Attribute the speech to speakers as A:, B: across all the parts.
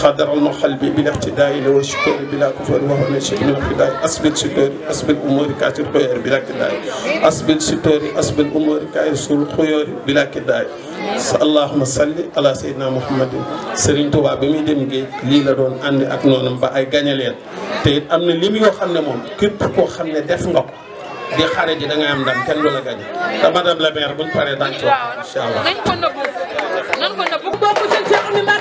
A: خضر المقلب بلا ابتداء لو الشكر بلا كفر وهو نشيء من ابتداء أسبل شكر أسبل أمور كاتر خير بلا كداء أسبل شكر أسبل أمور كاتر خير بلا كداء allahuma salli ala sayyidina muhammadin Serigne Touba bi muy dem lii la doon ànd ak noonam ba ay gañe te am na lim yoo xam ne moom képp koo xam ne def nga ko di xare ji da ngay am ndam kenn du la gañe te madame
B: la maire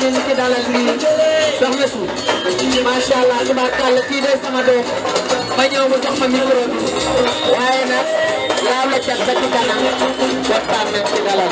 B: ne ni ki dalal lii soxna si macha allah tubaarkàlla kii de sama doom ma ñëw mu jox ma micro bi waaye nag laaw la cat ba ci kanam waxtaan nañ ci dalal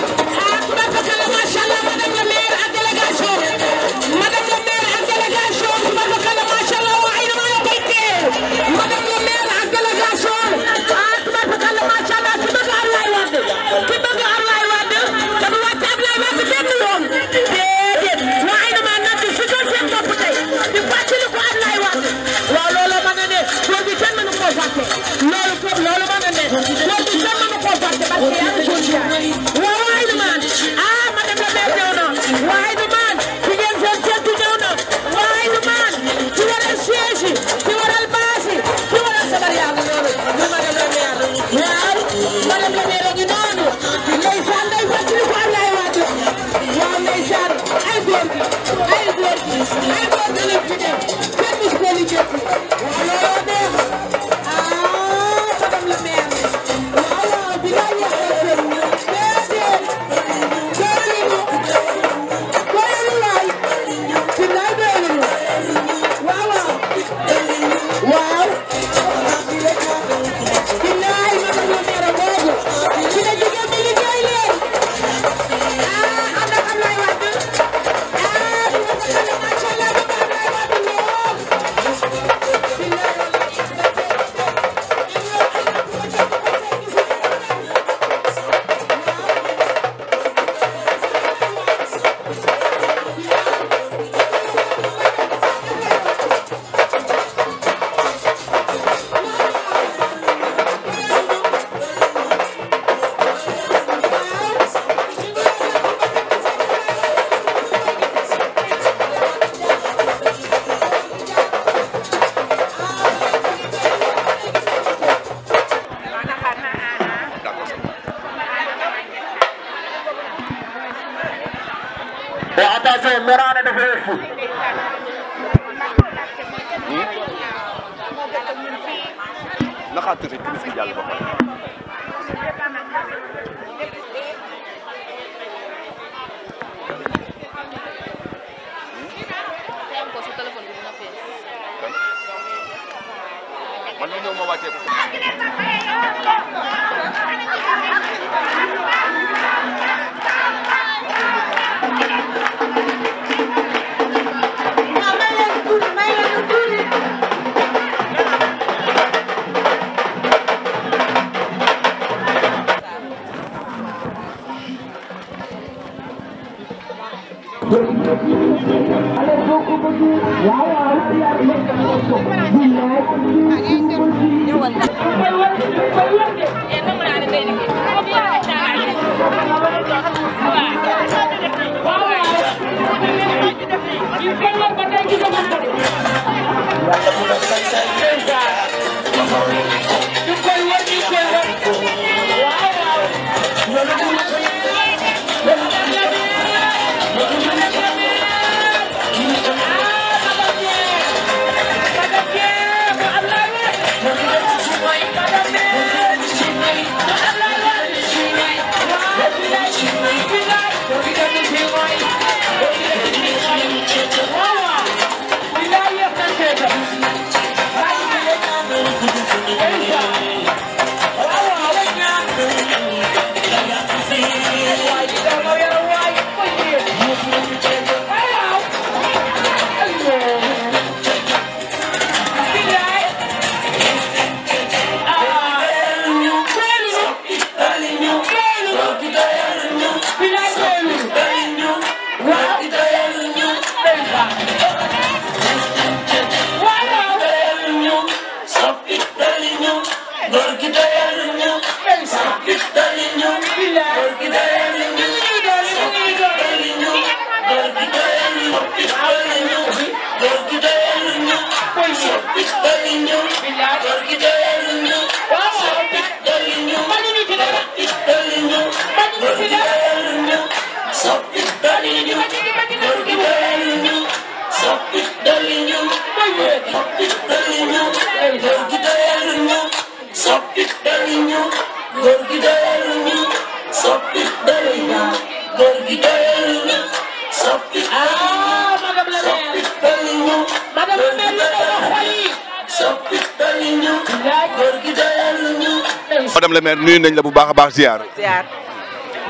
C: madame le maire nuyu nañ la bu baax baax ziar.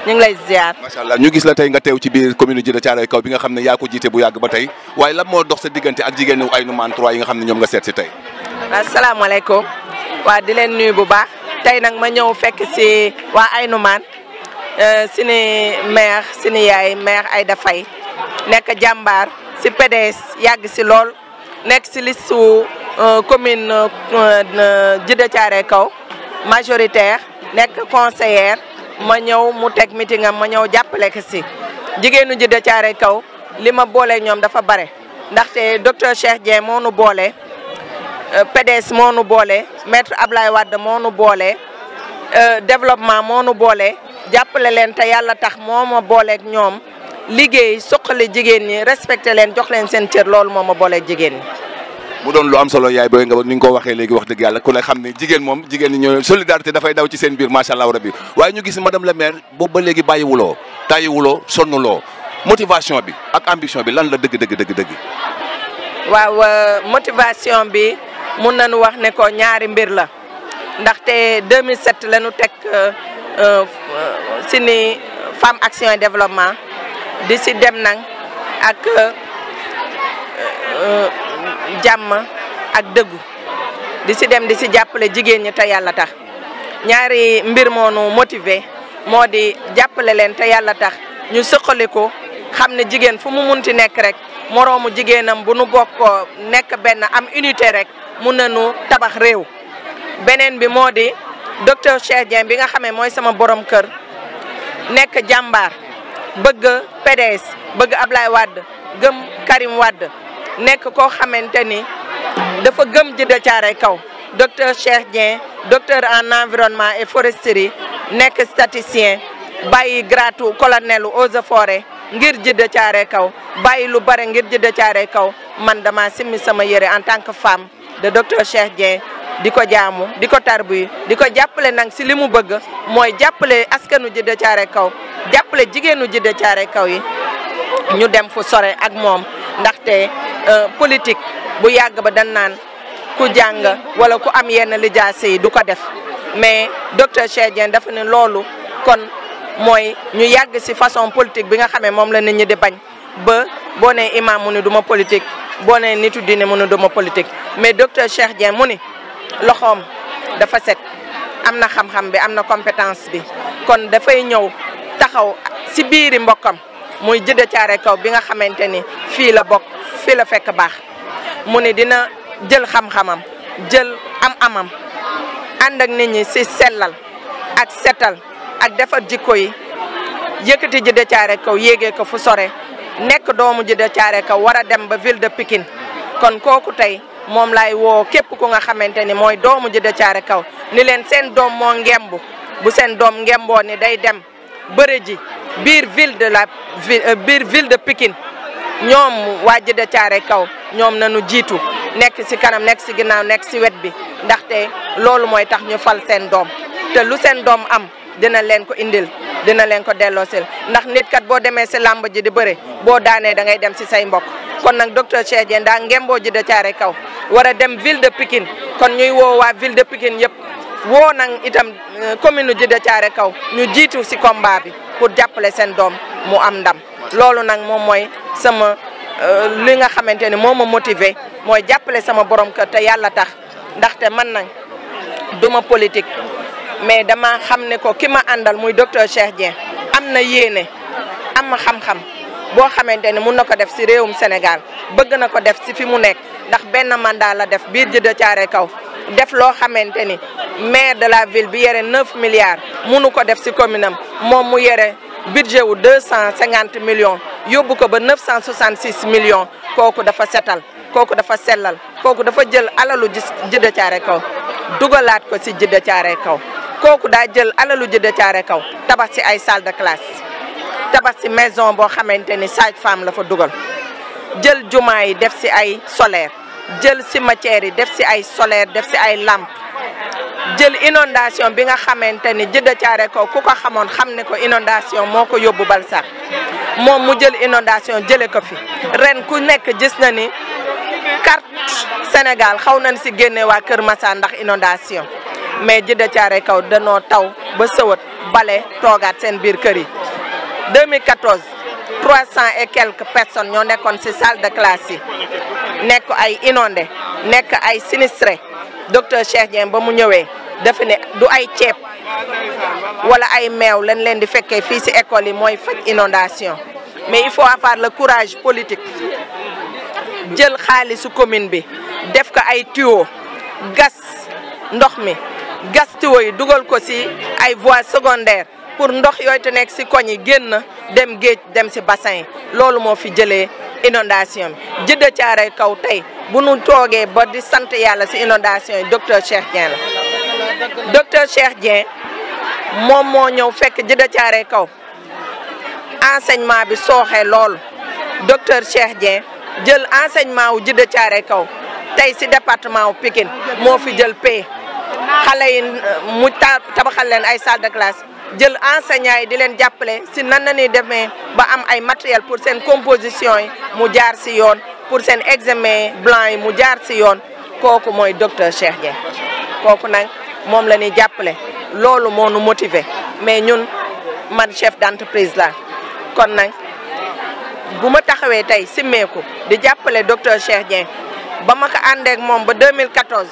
D: ñu ngi lay ziar. macha
C: ñu gis la tey nga teew ci biir commune Djiddah Thiaroye Kaw bi nga xam ne yaa ko jiite bu yàgg ba tey waaye lan moo dox sa diggante ak jigéen ñi ay numéro 3 yi nga xam ne ñoom nga seet si tey.
D: asalaamaaleykum waa di leen nuy bu baax tey nag ma ñëw fekk si waa Aynoumane sini euh, si sini yaay maire ay dafay nekk jàmbar si PDS yàgg si lool nekk si liste su euh, commune euh, Djiddah Thiaroye Kaw majoritaire nekk conseillère. ma ñëw mu teg meeting ma ñëw jàppale ko si jigéenu ji Djiddah Thiaroye Kaw li ma boolee ñoom dafa bare ndaxte docteur Cheikh Dieng moo nu boole euh, PDS moo nu boole maître Ablaye Wade moo nu boole euh, développement moonu nu boole jàppale leen te yàlla tax moo ma booleek ñoom liggéey suqali jigéen ñi respecté leen jox leen seen cër loolu moo ma booleeg jigéen ñi.
C: mu doon lu am solo yaay booy nga ni nga ko waxee léegi wax dëgg yàlla ku ne xam ne jigéen moom jigéen ñi ñoo solidarité dafay daw ci seen biir macha allah rabi waaye ñu gis madame la maire boobu ba léegi bàyyiwuloo tàyyiwuloo sonnuloo motivation bi ak ambition bi lan la dëgg dëgg dëgg dëgg.
D: waaw euh, motivation bi mun nañu wax ne ko ñaari mbir la ndaxte 2007 la ñu teg euh, euh, si ni femme action et développement di si dem nag ak. jàmm ak dëggu di si dem di si jàppale jigéen ñi te yàlla tax ñaari mbir moo nu moo di jàppale leen te yàlla tax ñu sëqali ko xam ne jigéen fu mu munti nekk rek moroomu jigéenam bu nu bokkoo nekk benn am unité rek mun nañu tabax réew beneen bi moo di docteur Cheikh Dieng bi nga xamee mooy sama borom kër nekk jàmbaar bëgg PDS bëgg Ablaye wàdd gëm Karim wàdd nekk koo xamante ni dafa gëm Djiddah Thiaroye Kaw docteur cher Dieng docteur en environnement et foresterie nekk statisticien bàyyi gratu colonel eaux et forêt ngir Djiddah Thiaroye Kaw bàyyi lu bare ngir Djiddah caaree Kaw man dama simmi sama yére en tant que femme de docteur Cheikh Dieng di ko jaamu di ko tarbuy di ko jàppale nag si li mu bëgg mooy jàppale askanu Djiddah Thiaroye Kaw jàppale jigéenu Djiddah Thiaroye Kaw yi ñu dem fu sore ak moom ndaxte Euh, politique bu yàgg ba dan naan ku jàng wala ku am yenn lijaasa yi du ko def mais docteur Cheikh Dieng dafa ne loolu kon mooy ñu yàgg si façon politique bi nga xamee moom la nit ñi di bañ ba boo nee imam mu ne duma ma politique boo nee nitu diine mu ne duma ma politique mais docteur Cheikh Dieng mu ni loxoom dafa set am na xam-xam bi am na compétence bi kon dafay ñëw taxaw ci biiri mbokkam muy jëdde caare kaw bi nga xamante ni fii la bokk fii la fekk baax mu ne dina jël xam-xamam jël am-amam ànd ak nit ñi si sellal ak setal ak defar jikko yi yëkkati jëdde caare kaw yéegee ko fu sore nekk doomu jëdde caare kaw war a dem ba ville de Pikine kon kooku tey moom laay woo képp ku nga xamante ni mooy doomu jëdde caare kaw ni leen seen doom moo ngembu bu seen doom ngemboo ni day dem bëre ji biir ville de la euh, biir ville de pikin ñoom waa Djeddah caare Kaw ñoom nañu jiitu nekk ci kanam nekk ci ginnaaw nekk ci wet bi ndaxte loolu mooy tax ñu fal seen doom te lu seen doom am dina leen ko indil dina leen ko delloosil ndax nit kat boo demee ci làmb ji di bëre boo daanee da ngay dem ci say mbok kon nag docteur Cheikh Dieng daa ngemboo Djeddah Thiaroye Kaw war dem ville de Pikine kon ñuy woo ville de Pikine yëpp woo nag itam euh, commune Djiddah Thiaroye Kaw ñu jiitu si combat bi pour jàppale seen doom mu am ndam loolu nag moom mooy sama euh, li nga xamante ni moo ma motiver mooy jàppale sama borom kër te yàlla tax ndaxte man nag duma politique mais dama xam ne ko ki ma àndal muy docteur Cheikh Dieng am na yéene am na xam-xam boo xamante ni mun na ko def si réewum Sénégal bëgg na ko def si fi mu nekk ndax benn man daal la def biir Djiddah Thiaroye Kaw def loo xamante ni maire de la ville bi yore neuf milliards munu ko def ci commune am moom mu yore budget wu deux cent cinquante millions yóbbu ko ba neuf cent soixante six kooku dafa setal kooku dafa sellal kooku dafa jël alalu ji Djiddah Thiaroye Kaw dugalaat ko ci Djiddah Thiaroye Kaw kooku daa jël alalu Djiddah Thiaroye Kaw tabax ci ay salle de tabax ci maison boo xamante ni sage-femme la fa dugal jël jumaa yi def ci ay solaire jël si matière yi def si ay solaire def si ay làmp jël inondation bi nga xamante ni Djeddah Thiaroye Kaw ku ko xamoon xam ne ko inondation moo ko yóbbu Balsar moom mu jël inondation jële ko fi ren ku nekk gis na ni carte Sénégal xaw nañ si génne waa Kër masaa ndax inondation mais Djeddah Thiaroye Kaw danoo taw ba sëwat bale toogaat seen biir kër yi 2014 300 et quelques personnes ñoo nekkoon si salle de classe yi nekk ay inondé nekk ay sinistré docteur Cheikh Dieng ba mu ñëwee dafa ne du ay ceeb wala ay meew lañ leen di fekkee fii ci école yi mooy faj inondation mais il faut avoir le courage politique jël xaalisu commune bi def ko ay tuyaux gas ndox mi gas tuyaux yi dugal ko ci ay voies secondaires pour ndox yooyu te nekk ci koñ yi génn dem géej dem ci bassin loolu moo fi jëlee inondation bi jëdda caaray kaw tey bu nu toogee ba di sant yàlla ci inondation yi docteur Cheikh Dieng la docteur Cheikh Dieng moom moo ñëw fekk jëdda caaray kaw enseignement bi sooxee loolu docteur Cheikh Dieng jël enseignement wu jëdda caaray kaw tey ci département wu Pikine moo fi jël pay xale yi euh, mu tabaxal leen ay salle classe jël enseignants yi di leen jàppale si nan na ni demee ba am ay matériel pour seen composition yi mu jaar si yoon pour seen examen blanc yi mu jaar si yoon kooku mooy docteur Cheikh Dieng kooku nag moom la ñuy jàppale loolu moo nu motiver mais ñun man chef d'entreprise la kon nag bu ma taxawee tey simmeeku di jàppale docteur Cheikh Dieng ba ma ko àndeek moom ba 2014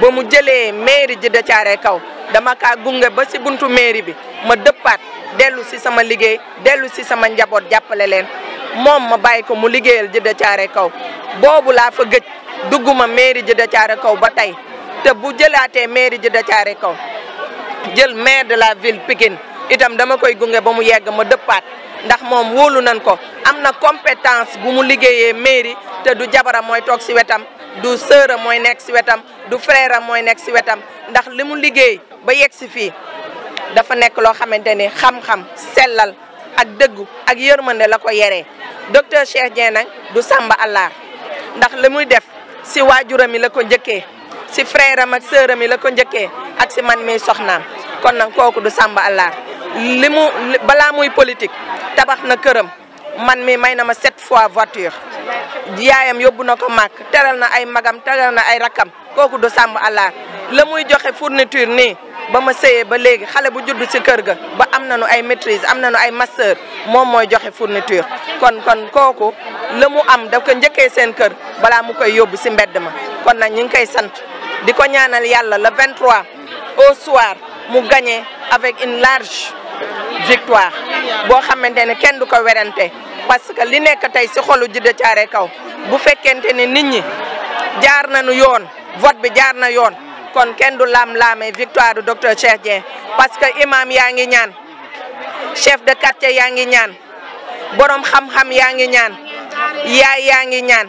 D: ba mu jëlee mairie ji de Thiaroye Kaw dama kaa gunge ba ci buntu mairie bi ma dëppaat dellu si sama liggéey dellu si sama njaboot jàppale leen moom ma bàyyi ko mu liggéeyal Djeddah Thiaroye Kaw boobu laa fa gëj dugguma mairie Djeddah Thiaroye Kaw ba tey te bu jëlaatee mairie Djeddah Thiaroye Kaw jël maire de la ville Pikine itam dama koy gunge ba mu yegg ma dëppaat ndax moom wóolu nan ko am na compétence bu mu liggéeyee mairie te du jabaram mooy toog ci wetam du sœur mooy nekk si wetam du frère mooy nekk si wetam ndax li mu liggéey ba yegg si fii dafa nekk loo xamante ni xam-xam sellal ak dëggu ak yërmande la ko yere docteur cher Dieng nag du sàmba àllaar ndax li muy def si waajuram yi la ko njëkkee si frère am ak sœur yi la ko njëkkee ak si man mi soxnaam kon nag kooku du sàmba àllaar li mu balaa muy politique tabax na këram man mi may na ma sept fois voiture yaayam yóbbu na ko màkk teral na ay magam teral na ay rakkam kooku du sàmb àllaar la muy joxe fourniture nii ba ma sëyee ba léegi xale bu judd ci kër ga ba am na nañu ay maîtrise am na nañu ay master moom mooy joxe fourniture kon kon kooku la mu am dafa ko njëkkee seen kër balaa mu koy yóbbu ci mbedd ma kon nag ñu ngi koy sant di ko ñaanal yàlla le 23 au soir mu gagné avec une large victoire boo xamante ne kenn du ko werante parce que li nekk tey ci xolu Djiddah Thiaroye Kaw bu fekkente ne nit ñi jaar nañu yoon vote bi jaar na yoon kon kenn du laam-laamee victoire du docteur Cheikh Dieng parce que imam yaa ngi ñaan chef de quartier yaa ngi ñaan boroom xam-xam yaa ngi ñaan yaay yaa ngi ñaan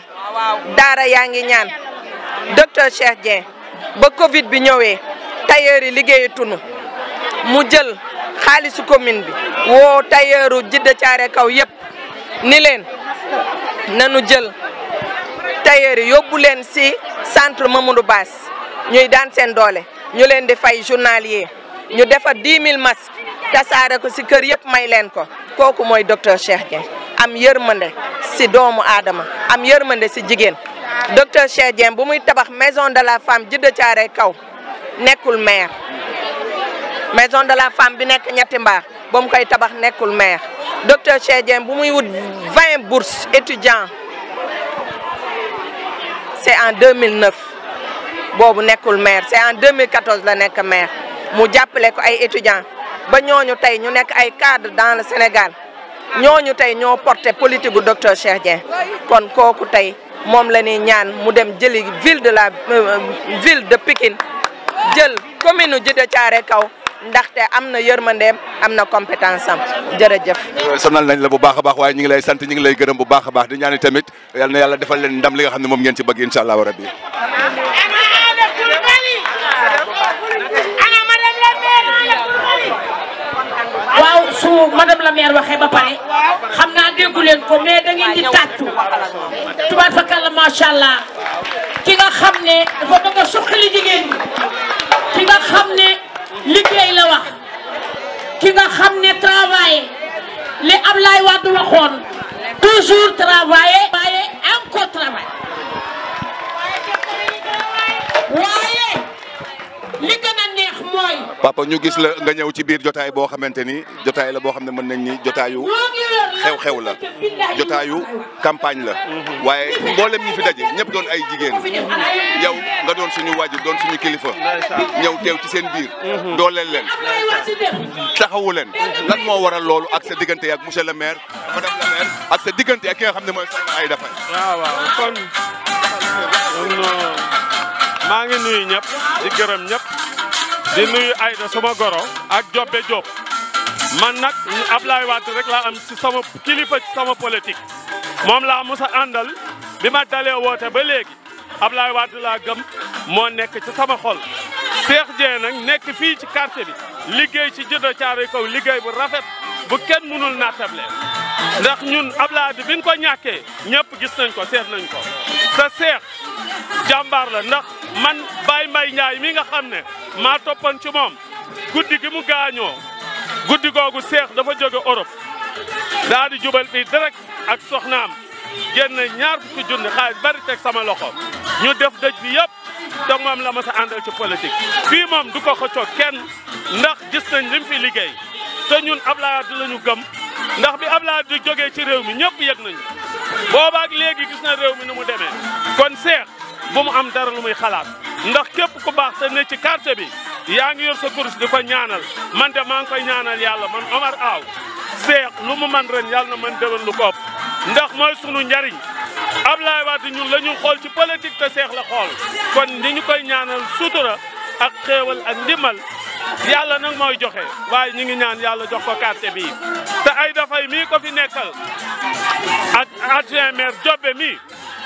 D: daara yaa ngi ñaan docteur Cheikh Dieng ba Covid bi ñëwee tailleur yi liggéeyu mu jël xaalisu commune bi woo tailleuru Djiddah Thiaroye Kaw yëpp ni leen nanu jël tailleur yi yóbbu leen si centre Mamadou baas ñuy daan seen doole ñu leen di fay journalier ñu defar 10 000 masques tasaare ko si kër yëpp may leen ko kooku mooy docteur Cheikh Dieng am yërmande si doomu aadama am yërmande si jigéen docteur Cheikh Dieng bu muy tabax maison de la femme Djiddah Thiaroye Kaw nekkul maire maison de la femme bi nekk ñetti mbaax ba mu koy tabax nekkul maire docteur Cheikh Dieng bu muy wut 20 bourses étudiants c'est en 2009. boobu nekkul maire c'est en 2014 la nekk maire mu jàppale ko ay étudiants ba ñooñu tey ñu nekk ay cadre dans le Sénégal ñooñu tey ñoo porté politique gu docteur Cheikh Dieng kon kooku tey moom la ñuy ñaan mu dem jëli ville de la euh, euh, ville de Pikine jël commune Djiddah Thiaroye Kaw ndaxte am na yërmandeem am na compétence am jërëjëf.
C: Euh, sonal nañ la bu baax a baax waaye ñu ngi lay sant ñu ngi lay gërëm bu baax a baax di ñaani tamit yal na defal leen ndam li nga xam ne moom ngeen ci bëgg incha allah rabbi
B: ko madame la maire waxee ba xam naa déggu ko mais da ngeen di tàccu tubaab fakalla macha allah ki nga xam ne dafa bëgg a suqali jigéen ki nga xam ne liggéey la wax ki nga xam ne travail li Ablaye Wade waxoon toujours travailler. waaye encore travail
C: li gën a papa ñu gis la nga ñëw ci biir jotaay boo xamante ni jotaay la boo xam ne mën nañ ni jotaayu xew-xew la jotaayu campagne la. waaye mboolem ñi fi daje ñëpp doon ay jigéen yow nga doon suñu waajur doon suñu kilifa ñëw teew ci seen biir. Mhm. dooleel leen taxawu leen lan moo waral loolu ak sa diggante ak monsieur le maire madame la maire ak sa diggante ak ki xam ne mooy ay dafa maa ngi nuyu ñëpp di gërëm ñëpp
A: di nuyu Aïda sama goro ak Jobbe Diop man nag Ablaye Wade rek la am ci sama kilifa ci sama politique moom laa mos a àndal bi ma dalee woote ba léegi Ablaye Wade laa gëm moo nekk ci sama xol Cheikh Dieng nag nekk fii ci quartier bi liggéey ci Djeddah Thiaroye Kaw liggéey bu rafet bu kenn mënul naatable ndax ñun Ablaye bi biñ ko ñàkkee ñëpp gis nañ ko seet nañ ko sa seex jàmbaar la ndax man Baye mbay ñaay mi nga xam ne maa toppoon ci moom guddi gi mu gaañoo guddi googu seex dafa jóge Europe daadi di jubal fii direct ak soxnaam génn ñaar fukki junni xaalis bari teg sama loxo ñu def dëj bi yëpp te moom la ma sa àndal ci politique fi moom du ko xëccoo kenn ndax gis nañ lim fi liggéey te ñun Ablaye du la ñu gëm ndax bi Abdoulaye di jógee ci réew mi ñëpp yëg nañu boobaak léegi gis na réew mi nu mu demee kon seex bu mu am dara lu muy xalaat ndax képp ku baax te ne ci quartier bi yaa ngi yor sa kurus di ko ñaanal man de maa ngi koy ñaanal yàlla man Omar Aw seex lu mu man ren yàlla na man déwén lu ko ndax mooy sunu njariñ Abdoulaye Wade ñun la ñu xool ci politique te seex la xool kon ni ñu koy ñaanal sutura ak xéewal ak ndimbal yàlla nag may joxe waaye ñu ngi ñaan yàlla jox ko carte bi te ay dafay mii ko fi nekkal ak adjoint maire Jobbe mii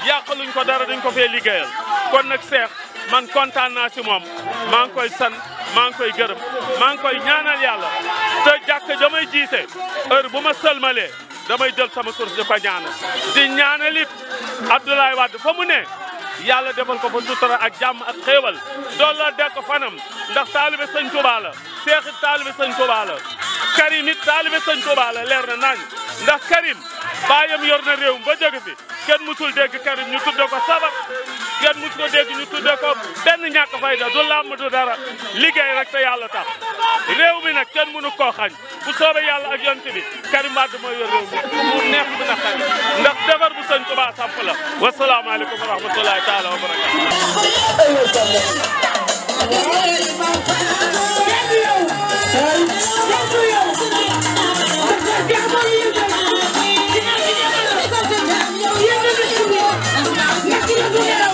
A: yàqaluñ ko dara dañ ko fee liggéeyal kon nag Cheikh man kontaan naa si moom maa ngi koy san maa ngi koy gërëm maa ngi koy ñaanal yàlla te jàkk damay jiite heure bu ma sëlmalee damay jël sama source di ko ñaanal di ñaanalit Abdoulaye Wade fa mu ne yàlla defal ko fa sutura ak jàmm ak xéewal dool la dekk fanam ndax taalibe sëñ Tuubaa la seexit taalibe sëñ Tuubaa la Karim it taalibe sëñ Tuubaa la leer na nañ ndax Karim baayam yor na réew ba jóge fi kenn musul dégg Karim ñu tudde ko sabab ngeen mus ko dégg ñu tuddee ko benn ñàkk fayda du làmm du dara liggéey rek te yàlla tax réew mi nag kenn mënu koo xañ bu soobee yàlla ak yonent bi Karim Wade mooy mi mu neex bu naqari ndax defar bu sëñ Tuubaa samp la wasalaamaaleykum wa rahmatulahi taala wa barakaatu
E: Yeah.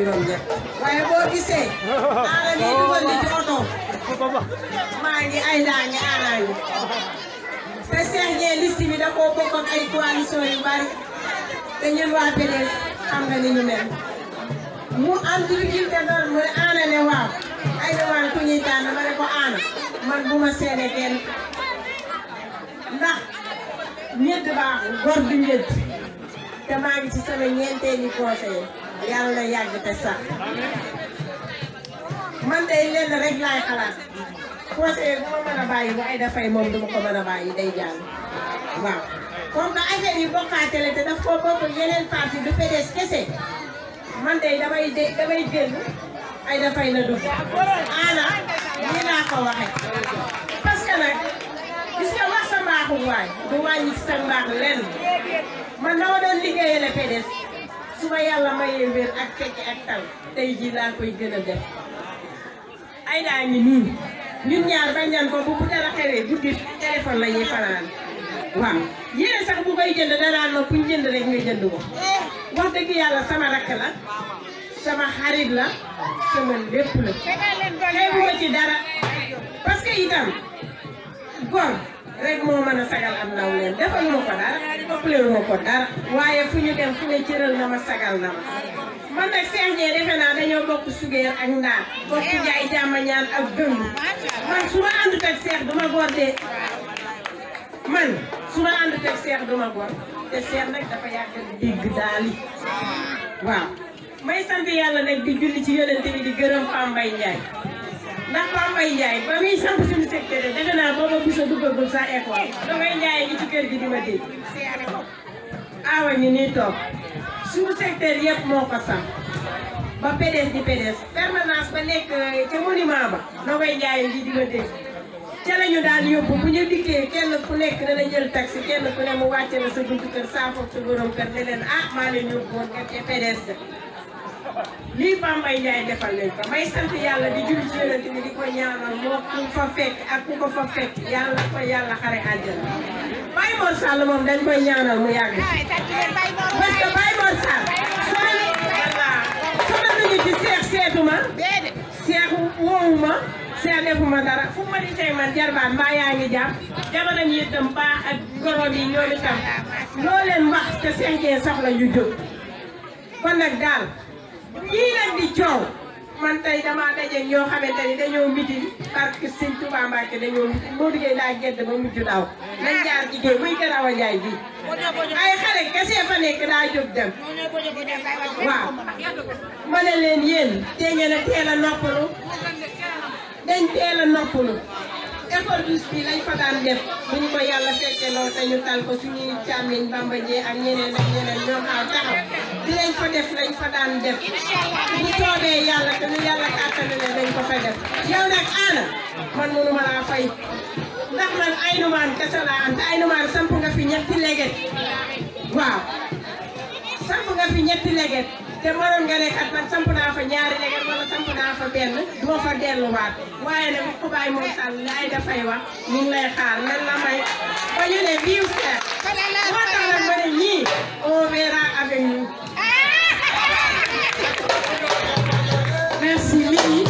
F: juróom-ñett waaye boo gisee. aara ngeen dugal ni ci oto. maa ngi ay daa ngi aara te Cheikh Ndié da koo bokk ak ay coalition bari. te ñun waa PDS xam nga ni ñu mu am difficulté doon mu ne aana ne waaw. ay na waaw ku ñuy tànn ma ne aana man bu ma seede kenn ndax ñett baaxul góor du te maa ngi ci sama ñeenteeli conseil. yàlla yàgg te sax man day lenn rek laay xalaat conseiller bu a bàyyi bu ay dafay moom duma ko mën a bàyyi day jàll waaw comme que affaire yi bokkaatele te daf koo bokk yeneen parti du PDS kese man day damay de damay génn ay dafay na du man na ma doon liggéeyale PDS su ma yàlla mayee wér ak fekke ak tal tey jii laa koy gën a def ay daa ngi nii ñun ñaar bañ nañ ko bu bu dara xewee guddi téléphone la ñuy fanaan waaw yéen sax bu koy jënd danaan ma kuñ jënd rek ñu jënd ko wax dëgg yàlla sama rakk la sama xarit la sama lépp la xeebu ma ci dara parce que itam gor rek moo mën a sagal am ndaw leen defal ko dara toppalewu ma ko dara waaye fu ñu dem fu ne cëral na ma sagal na ma man nag CNG defe naa dañoo bokk sugeer ak ndaar bokk jaay jàmm ñaan ak gëm man su ma àndut ak seex duma góor de man su ma àndut ak seex duma góor te seex nag dafa
E: yàgg digg
F: daal yi waaw may sant yàlla nag di julli ci yonente bi di gërëm Pam Mbaye ndax Pape Mbaye Ndiaye ba muy sant suñu secteur dégg naa booba Bousso duggagul sa école dangay Ndiaye gi ci kër gi di ma dégg aawa ñu nii toog suñu secteur yëpp moo ko sam ba PDS di PDS permanence ba nekk eh, ca monument ba dangay Ndiaye gi di ma dégg ca la daan yóbbu bu ñu dikkee kenn ku nekk dana jël taxi kenn ku ne mu wàcce na sa buntu kër saa foog sa borom kër ne leen ah maa leen yóbbu woon kër ca PDS lii Bambey Ndiaye defal leen ko may sant yàlla di julli ci yonent bi di ko ñaanal moo ku fa fekk ak ku ko fa fekk yàlla ko yàlla xare àjjana Baye Mor Sall moom dañ koy ñaanal mu yàgg parce que
B: Baye Mor Sall
F: soo nañu ci seex seetuma seexu woowuma seex defuma dara fu ma di tey man jarbaan mbaa yaa ngi jàpp jabaram yi itam baa ak gorom yi ñoom itam loo leen te senkee soxla yu jóg kon nag daal ñii leen di coow man tey damaa daje ñoo xamante ni dañoo mitin parce que sëñ Touba dañoo mitin boo duggee daa gedd ba mujj daaw nañ jaar jigéen muy kër Awa bi ay xale kese fa nekk daa jóg dem waaw ma ne leen yéen te ngeen a teel a noppalu dañ teel a noppalu recordius bi lañ fa daan def bu ñu ko yàlla fekkee loolu te ñu tal ko suñuy càmmiñ Bamba ak ñeneen ak ñeneen ñoom aw taxaw di lañ fa def lañ fa daan def bu soobee yàlla te ñu yàlla kàttanale dañ ko fa def yow nag aana man mënu ma laa fay ndax man ay numaan kese laa am te ay numaan samp nga fi ñetti léget waaw samp nga fi ñetti léget te mënoon nga nekk at man samp naa fa ñaari léget wala samp naa fa benn duma fa delluwaat waaye nag xubaay moom sàll li ay dafay wax ñu lay xaar nan la may ba ñu ne vive Seck moo tax ma ne ñii on verra avec ah! merci lii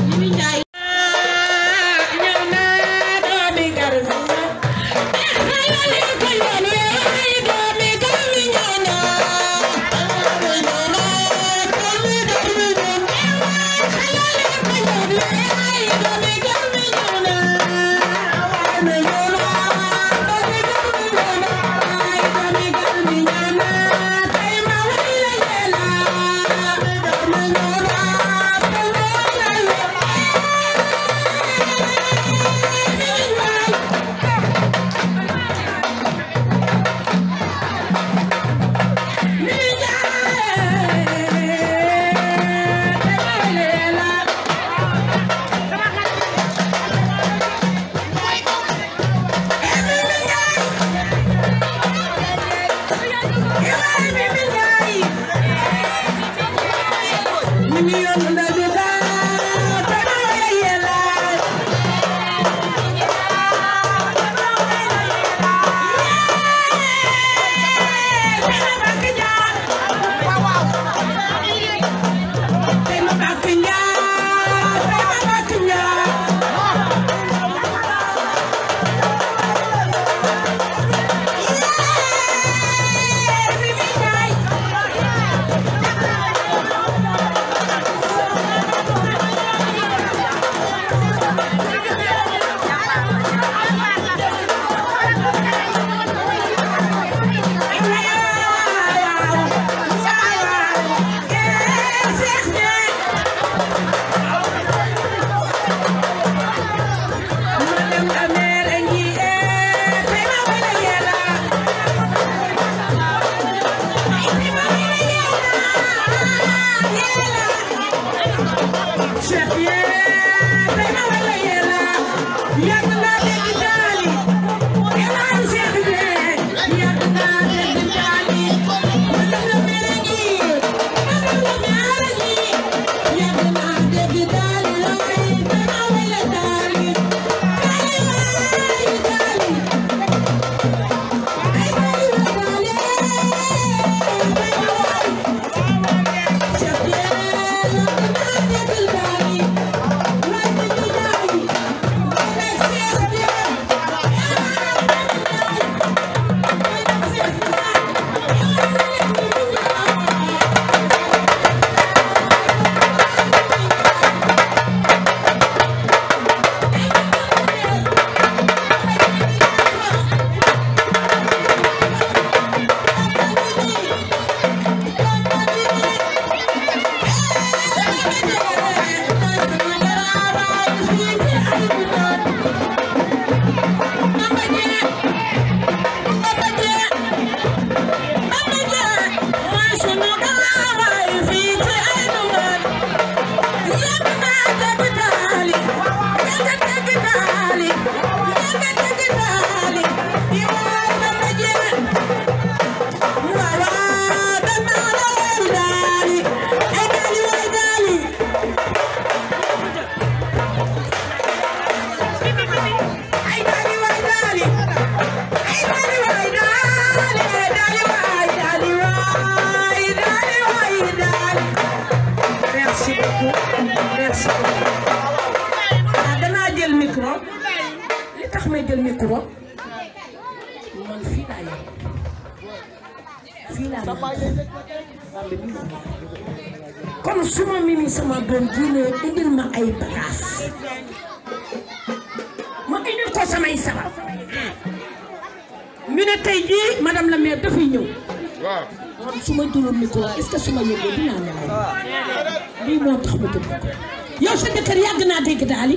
B: daali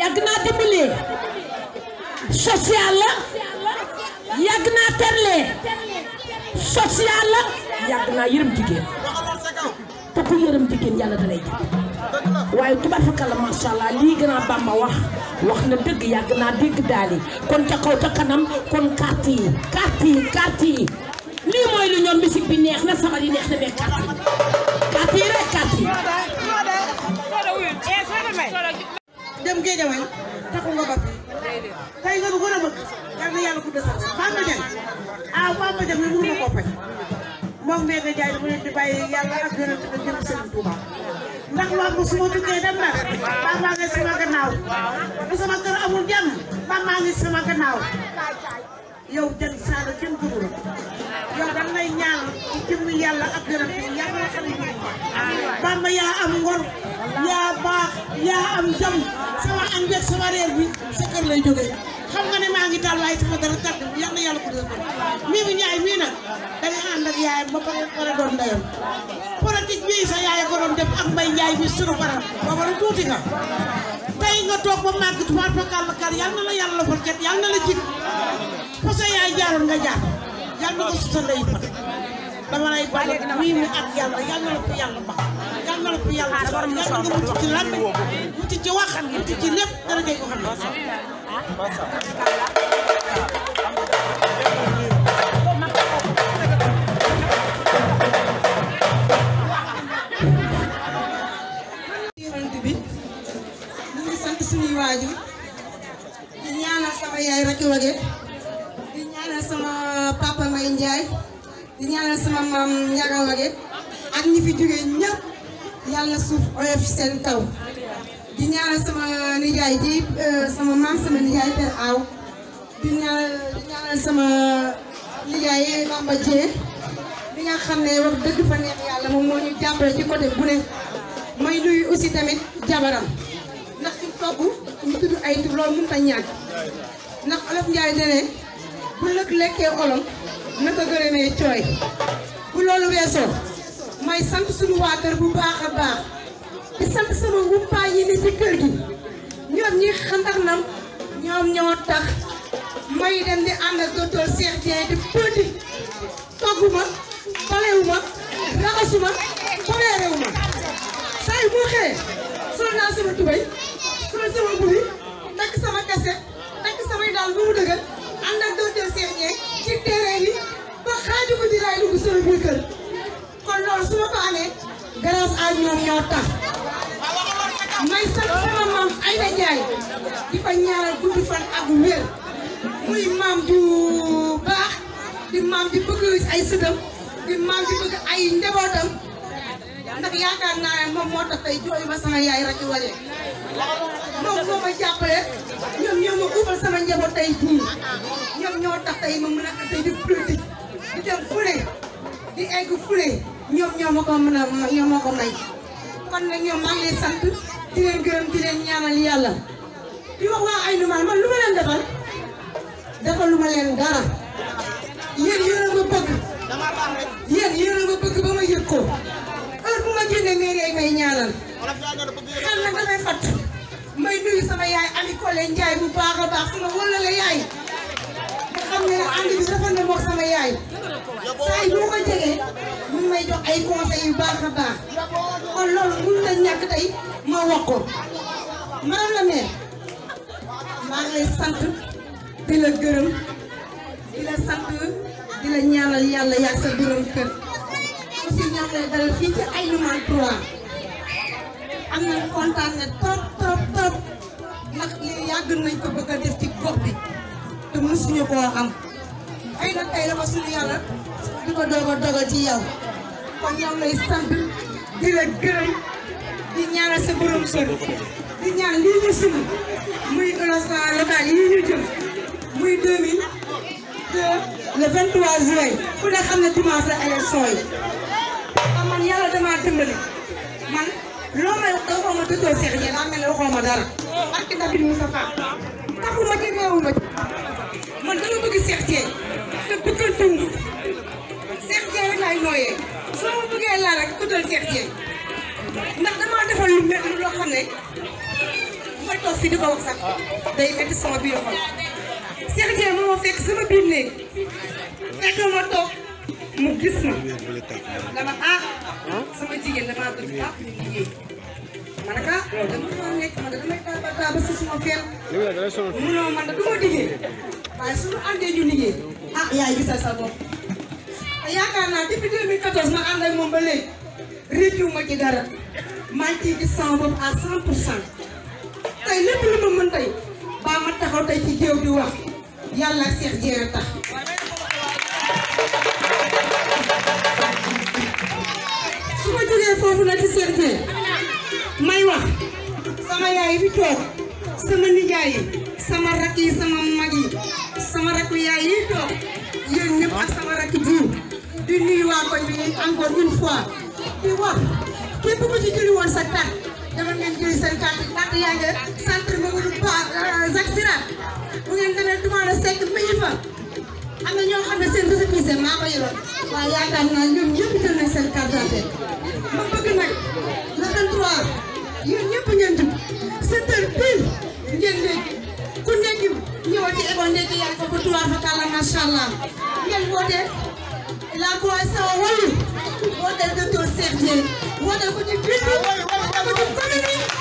B: yàgg naa dimbalee social la la yàgg
E: naa yërëm jigéen
B: te ku yërëm jigéen yàlla da lay jàpp waaye tubarfakala macha allah lii grand Bamba wax wax na dëgg yàgg naa dégg daali kon ca kaw ca kanam kon carte yi carte yi carte yi lii mooy lu ñoom musique bi neex na sabar yi neex na mais carte yi
F: su ma duggee dem na baax maa ngi sama gannaaw bu sama kër amul jàmm baax maa ngi sama gannaaw yow jën saala kenn dugg yow ñaan ci jëmm yàlla ak gërëm yàlla la xam ne bi sa kër lay yàlla yàlla def mii bu ñaay mii nag da nga ànd ak yaayam ba pare pare doon ndeyam politique bii sa yaay ko doon Njaay bi sunu baram booba lu tuuti nga tey nga toog ba màgg tubaab fakal bakal yal na la yàlla la forget yal na la jig fa sa yaay jaaroon nga jaar yal na ko su sa ndey fa
C: dama lay baal wii mi ak yàlla yal na la ko
F: yàlla bax yal na la ko yàlla yal na nga mucc ci lan mucc ci wax mucc ci lépp dara ngay ko xam ne ñaanal sama maam Ndiaga seen taw ji euh, sama maam sama nijaay per aaw di ñaanal di ñaanal sama ñu jàppale ci côté bu may nuyu aussi tamit jabaram ndax ci togg ñu tudd ay tur loolu mënut a ndax olof Ndiaye ne ne bu lëkk lekkee olom naka gërëmee cooy bu loolu weesoo may sant suñu waa bu baax a baax di sant sama ngumpaay yi ne ci kër gi ñoom ñi xandax nam ñoom ñoo tax may dem di ànd ak docteur Cheikh Dieng di pëndi togguma balewuma raxasuma poleerewuma saa yu moo xëyee sol sama tubéy sol sama
E: buri takk sama
F: kase takk samay daal bu mu dëgër ànd ak docteur Cheikh Dieng ci terrain yi ba xaaju ko di laay dugg sama biir kër kon loolu su ma ko ñoom ñoo tax may sant sama maam Ayda Njaay di ko ñaanal gudd fan ak wér muy maam ju baax di maam di bëgg ay sëtam di maam di bëgg ay njabootam ndax yaakaar naa ne moom moo tax tey jooyu ma sama yaay rajo moom moo ma jàppale ñoom ñoo ma uubal sama njaboot tey jii ñoom ñoo tax tey ma mën a tey di politique di dem fule di egg fule ñoom ñoo ma ko may kon nag ñoom maa leen sant di leen gërëm di leen ñaanal yàlla di wax waa ay numaan man lu ma leen defal defal lu ma leen dara yéen yéen a bëgg yéen yéen a bëgg ba ma yëg ko heure bu ma génnee mairie yi may ñaanal xel nag damay fatt may nuyu sama yaay Ami Collé bu baax a baax sama wala yaay nga xam ne ànd bi dafa ne moog sama yaay
E: saa yu ko jegee
F: mu may jox ay conseils yu baax a kon loolu mënut a ñàkk tey ma wax ko la maire maa ngi sant di la gërëm di la sant di la ñaanal yàlla yàgg sa borom kër. aussi ñoo ngi lay dalal fii ci ay numéro am nañu kontaan ne trop trop trop ndax lii yàgg nañ ko bëgg a def ci gox bi te mësuñu koo am xëy na tey la suñu yàlla di ko doog a doog a ci yow kon ñoo ngi lay sant di la gërëm di ñaanal sa borom sol di ñaan lii ñu suñu muy lancement local yi ñu jëm muy 2000 le 23 juin ku ne xam ne dimanche la élection man yàlla damaa dimbali man loo may wax waxoo ma tuddoo Cheikh Ndiaye mel ne waxoo dara. man dama bëgg Cheikh Ndiaye te bëggal tungu Cheikh soo ma bëggee laal rek tuddal Cheikh Ndiaye ndax damaa defal lu mel loo xam ne ma toog fii di wax sax day métti sama biir xol Cheikh Ndiaye moo ma fekk sama biir néeg fekk ma toog.
A: mu gis ma
F: dama ah sama jigéen ah, ah, dama fa si suma fenn munoo man da du ma liggéey waaye suñu àndee ñu liggéey ah yaay gisal sa bopp te yaakaar naa depuis 2014 ma ànd moom ba léegi réccu ma dara maa ngi ciy gis sama bopp à 100 pour cent tey lépp lu ma mën tey baa ma taxaw tey ci géew di wax yàlla seex jeer a tax su ma jógee foofu nag ci seen biir may wax sama yaay yi sama nijaay yi sama rakk yi sama mag yi sama rakk yaay yi toog yéen ñëpp ak sama rakk buur di nuyu waa koñ bi encore une fois di wax képp ku ci jëli woon sa tànk dama ngeen jëli seen tànk tànk yaa ngi centre Mamadou Ba Jacques euh, Sirac bu ngeen demee Touba Seck mi ngi fa. am na ñoo xam ne seen récépissé maa ko yoroon waaye yaakaar naa ñun ñëpp jël nañ seen carte d'identité ma bëgg nag le 23 yéen ñëpp ngeen jub sept heures pile ngeen léegi ku nekk ñëwal ci école ndekki yaay fa ko tuwaar fa kàlla macha allah ngeen woote la coalition Wallu woote docteur Cheikh Dieng woote ku ci bindu woote ku ci commune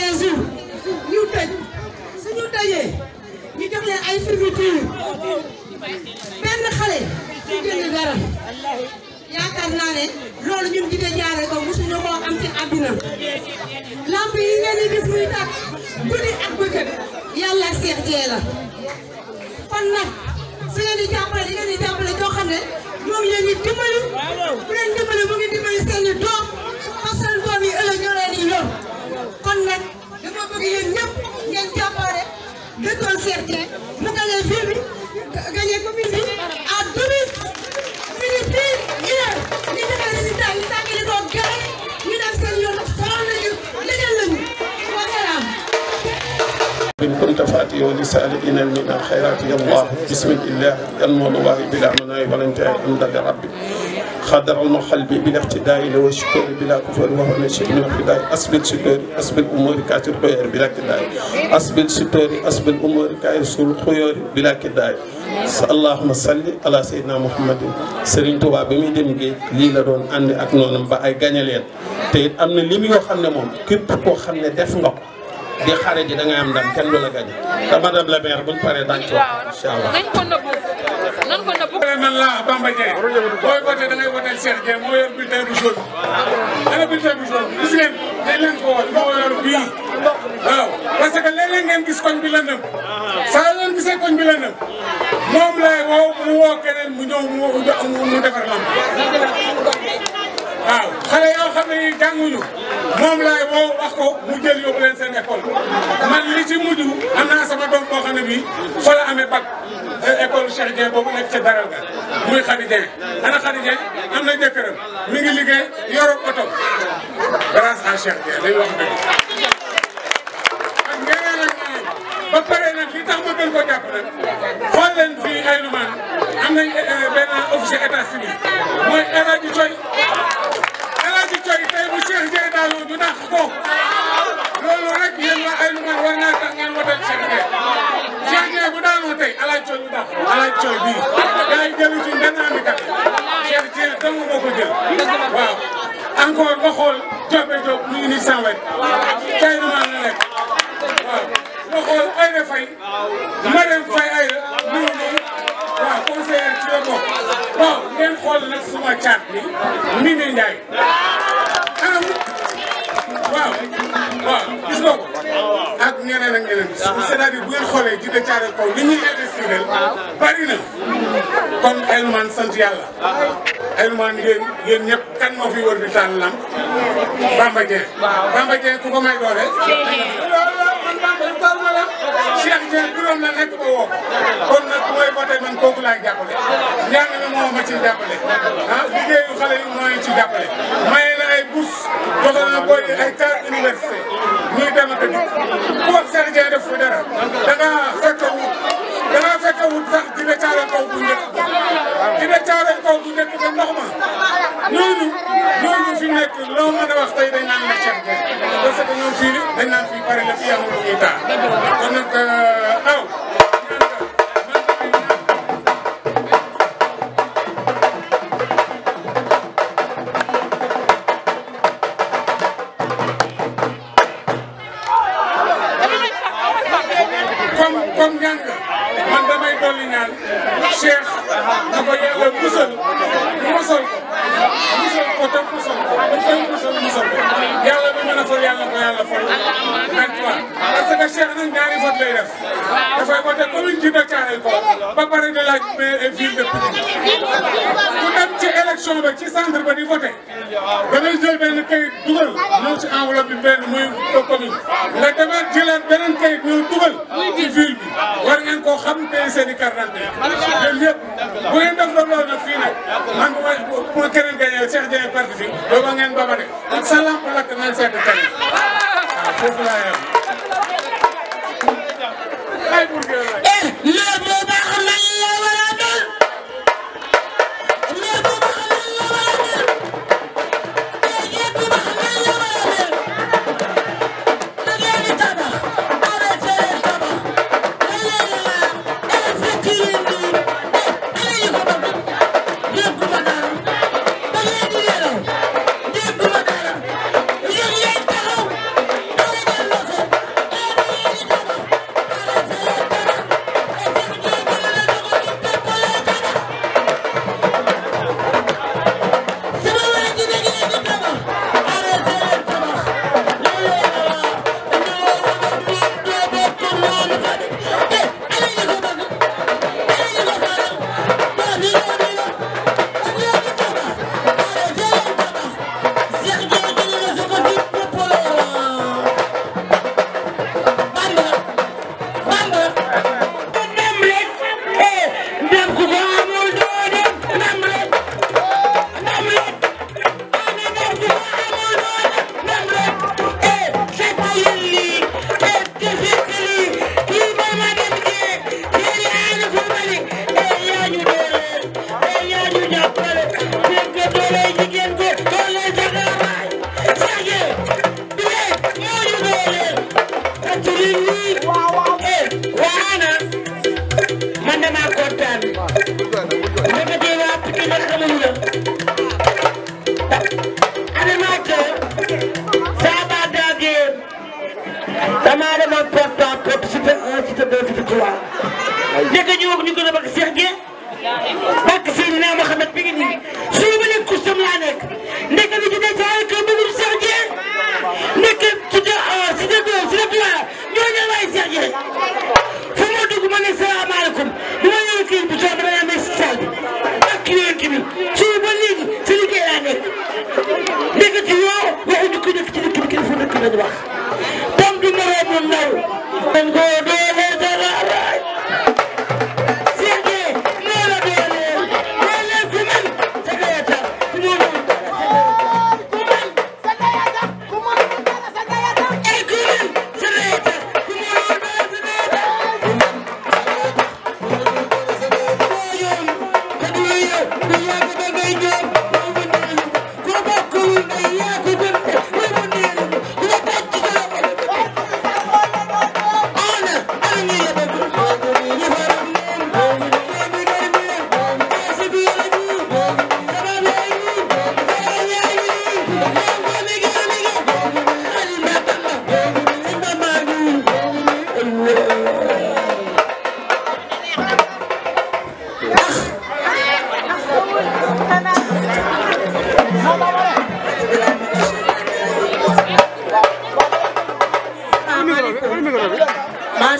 F: quinze jours ñu tëj suñu tëjee ñu jox leen ay fermeture benn xale ñu jënd dara yaakaar naa loolu ñun jigéen jaare ko mosuñu ko am ci àdduna lamp yi ngeen di gis muy
B: tàkk guddi ak bëccëg
F: yàlla seex jee la kon nag su ngeen di jàppale di di jàppale mu ngi dimbali seen i doom parce que doom yi ëllëg ñoo leen di kon nag dama bëgg yéen ñëpp ngeen jàppoore dëkkoon certain mu gagné ville bi gagné commune bi à douze minutes pile une heure ñu joxe résultat yi tàggale ko gare ñu def seen yoon sonal
E: nañu leneen lañu wasalaam
A: إن كنت فاتي ولسالئين من الخيرات يا الله بسم الله يا المولى بلا مناي ولن تعلم ربي خضر المقلب بالاقتداء لو الشكر بلا كفر وهو نشيء من الخداع أسب الستور أسب الأمور كاتر خير بلا كداء أسب الستور أسب الأمور كايسر خير بلا كداء allahuma salli ala sayyidina muhammadin Serigne Touba bi muy dem géej lii la doon ànd ak noonam ba ay gañe leen te it am na lim yoo xam ne moom képp koo xam ne def nga ko di xare ji da ngay am ndam kenn du la gañe te madame
G: la maire buñ paree daañu ci wax incha allah boole nan laa Bamba Dieng booy voté da ngay voté Cheikh Dieng moo yor bulletin bu jaune ana bulletin bu jaune gis ngeen leen ko moo yor bii waaw parce que léeg ngeen gis koñ bi lëndëm saa leen gisee koñ bi lëndëm moom lay woo mu woo keneen mu ñëw mu mu defar lam waaw xale yoo xam ne jànguñu moom laay woo wax ko mu jël yóbbu leen seen école man li ci mujj am sama doom boo xam ne bii fa la amee ca école Cheikh Dieng ba mu nekk ca daral ga muy Khady Dieng ana Khady Dieng am na jëkkëram mi ngi liggéey yoroon oto grâce à Cheikh Dieng dañu wax dëgg ak ñeneen ak ñeneen ba pare nag li tax ma gën ko jàpp nag xool leen fii ay lumaan am nañ eh, eh, benn officier état civil mooy El Hadj Coy El Hadj Coy tey bu Cheikh Dieng daaloo ñu dàq ko loolu rek yéen waa ay lumaan war naa tax ngeen wotal Cheikh Dieng Cheikh Dieng bu daanoo tey alaaj cooy bu alaaj cooy bii gars yi jëlu ci benn handicap Cheikh Dieng dong moo waaw encore nga xool Jobe Diop mu ngi nii sans wet tey dama la nekk waaw nga xool Ayda Faye Marème Faye Ayda mu ngi nii waaw conseillère ci la suma caat bi Mimi waaw gis nga ko. ak ñeneen ak ñeneen. Ah, ah. bu ngeen xoolee Djidah Thiaroye Kaw li ñuy investir leen. Ah. bari na. kon Aïnoumane sant yàlla. Aïnoumane yéen yéen ñëpp kan moo fi wër di taal lam Bamba Dieng. Bamba Dieng ku ko may doole. Cheikh Dieng bu doon la nekk ko woo kon nag bu may voté man kooku laay jàppale njàng mi moo ma ci jàppale ah liggéeyu xale yi moo ci jàppale maye ay bourse joxe naa booy ay carte université ñuy dem ak a dikk ku wax Cheikh Ndiaye def fi dara da ngaa fekk wut da ngaa fekk wut sax dina caaral kaw bu njëkk dina caaral kaw bu njëkk ba ndox ma
C: ñooñu ñooñu fi nekk loo
G: mën a wax tey naan la Cheikh Ndiaye parce que ñoom fii naan fii pare la fi yàlla lu ñuy dolli ñaan Cheikh na ko yàlla musal musal musal ko te musal ko te musal musal ko yàlla bi mën a fol yàlla ko yàlla fol maintenant parce que Cheikh nag ñaari vote lay def dafay voté commune Djidah Thiaroye Kaw ba pare de laaj ville de Pikine ku dem ci élection ba ci centre ba di voté da ngay jël benn kayit dugal ñëw si enveloppe bi benn muy commune nga demaat jëlaat beneen kayit ñëw dugal ci ville bi war ngeen koo xam tey seen i carte d'identité yéen ñëpp bu ngeen def loolu nag fii nag man bu ma bu ma keneen gañee Cheikh Ndiaye parti bi booba ngeen ba ma ne ak sa lampe lakk nañ seet kayit waaw foofu laa yem
E: ay eh,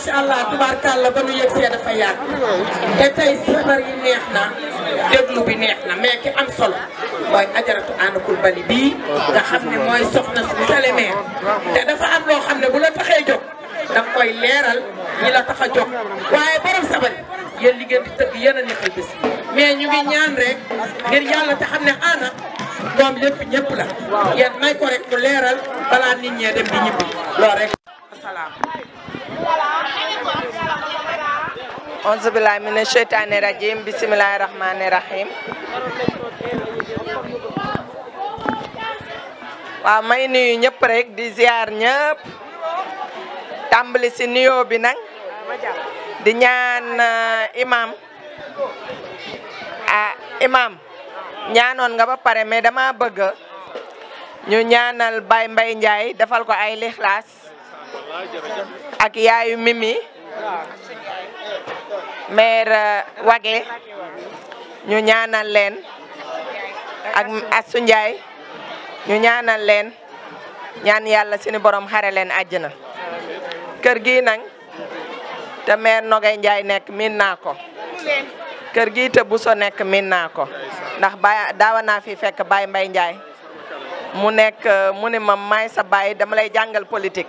F: macha allah tubaarkàlla ba nu
D: yëg see dafa yàgg te tey sabar yi neex na déglu bi neex na mais ki am solo mooy ajaratu àndakul bali bii nga xam ne mooy soxna su sale meer te dafa am loo xam ne bu la taxee jóg da koy leeral ñi la tax a jóg waaye borom sabar yéen li ngeen tëgg yéen a nekkal bis mais ñu ngi ñaan rek ngir yàlla te xam ne ana doom yëpp ñëpp la yéen may ko rek mu leeral balaa
B: nit ñee dem di ñibbi loolu rek
D: auzu billaahi mina sheytaani rajiim bismillaahi rahmaani rahiim may nuyu ñëpp rek di ziar ñëpp tàmbali si nuyoo bi nag di ñaan uh, imam ah imam ñaanoon nga ba pare mais dama bëgg ñu ñaanal Baye Mbaye Ndiaye defal ko ay lixlaas ak yaayu Mimi maire euh, Wagle ñu ñaanal leen ak Assou njaay ñu ñaanal leen ñaan yàlla suñu borom xare leen àjjana kër gi nag te maire Nogay Ndiaye nekk miin naa ko kër gi tëbu so nekk miin naa ko ndax ba daawa naa fi fekk bay Mbay Ndiaye mu nekk euh, mu ne ma maay sa baay dama lay jàngal politique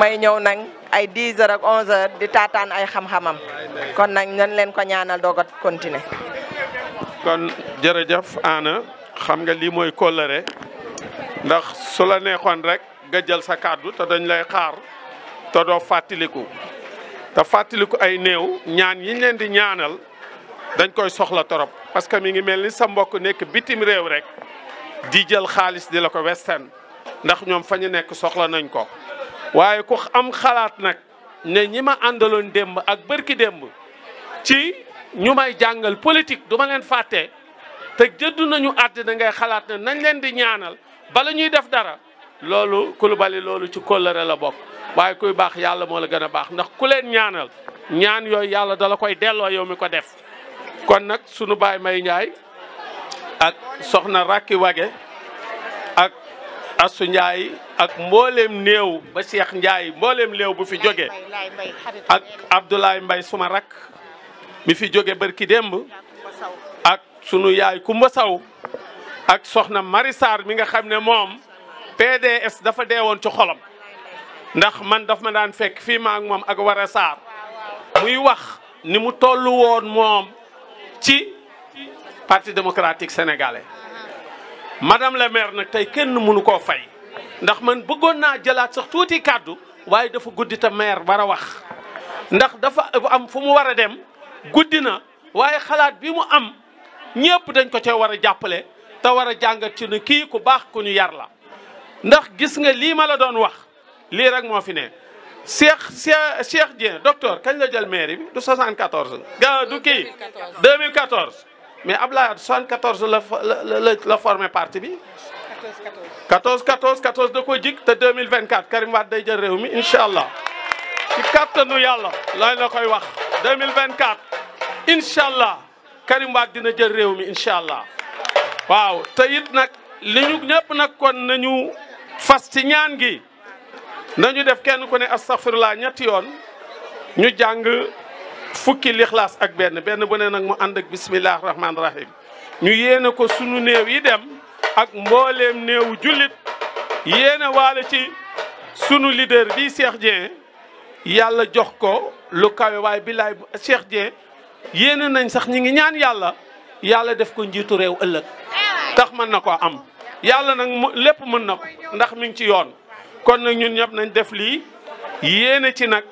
D: may ñëw nag ay 10 heures ak 11 heures di taataan ay xam-xamam kon nag nañ leen ko ñaanal doogat continuer
A: kon jërëjëf Anna xam nga lii mooy kóllëre ndax su la neexoon rek nga jël sa kàddu te dañ lay xaar te doo fàttaliku te fàttaliku ay néew ñaan yiñ leen di ñaanal dañ koy soxla torop parce que mi ngi mel ni sa mbokk nekk bitim réew rek di jël xaalis di la ko westen ndax ñoom fa ñu nekk soxla nañ ko waaye ku am xalaat nag ne ñi ma àndaloon démb ak bërki démb ci ñu may jàngal politique du leen fàtte te jëddu nañu àddina ngay xalaat ne nañ leen di ñaanal bala ñuy def dara loolu Coulibaly loolu ci kóllëre la bokk waaye kuy baax yàlla moo la gën a baax ndax ku leen ñaanal ñaan yooyu yàlla dala koy delloo yow mi ko def kon nag sunu baay may Njaay ak soxna Rakki Wage ak Asu Njaay ak mbooleem néew ba Cheikh Njaay mbooleem néew bu fi jóge ak Abdoulaye Mbay suma rakk mi fi jóge barki démb ak sunu yaay Kumba Saw ak soxna Mari Sarr mi nga xam ne moom PDS dafa deewoon ci xolam ndax man daf ma daan fekk fii ma moom ak Wara Sarr muy wax ni mu tollu woon moom ci parti démocratique sénégalais madame la maire na tey kenn mënu koo fay ndax man bëggoon naa jëlaat sax tuuti kàddu waaye dafa guddi te maire war a wax ndax dafa am fu mu war a dem guddi na waaye xalaat bi mu am ñëpp dañ ko cee war a jàppale te war a jàngat ci ne kii ku baax ku ñu yar la ndax gis nga lii ma la doon wax lii rek moo fi ne Cheikh Cheikh Cheikh Dieng docteur kañ la jël mairie bi du 74 ga du kii mais Ablaye Wade 74 la la la formé bi. 14 14 14 14 da ko jig te 2024 Karim Wade day jël réew mi incha allah ci kattanu yàlla lay la koy wax 2024 incha allah Karim Wade dina jël réew mi incha allah waaw te it nag li ñu ñëpp nag kon nañu fas ci ñaan gi nañu def kenn ku ne astaghfirullah ñetti yoon ñu jàng. fukki lixlaas ak benn benn bu nag mu ànd ak bisimilah rahmaani rahim ñu yéene ko sunu néew yi dem ak mbooleem néew jullit yéene waale ci sunu leader bi Cheikh Dieng yàlla jox ko lu kawe waaye billaay Cheikh Dieng yéene nañ sax ñi ngi ñaan yàlla yàlla def ko njiitu réew ëllëg tax mën na ko am yàlla nag lépp mën na ko ndax mi ngi ci yoon kon nag ñun ñëpp nañ def lii yéene ci nag.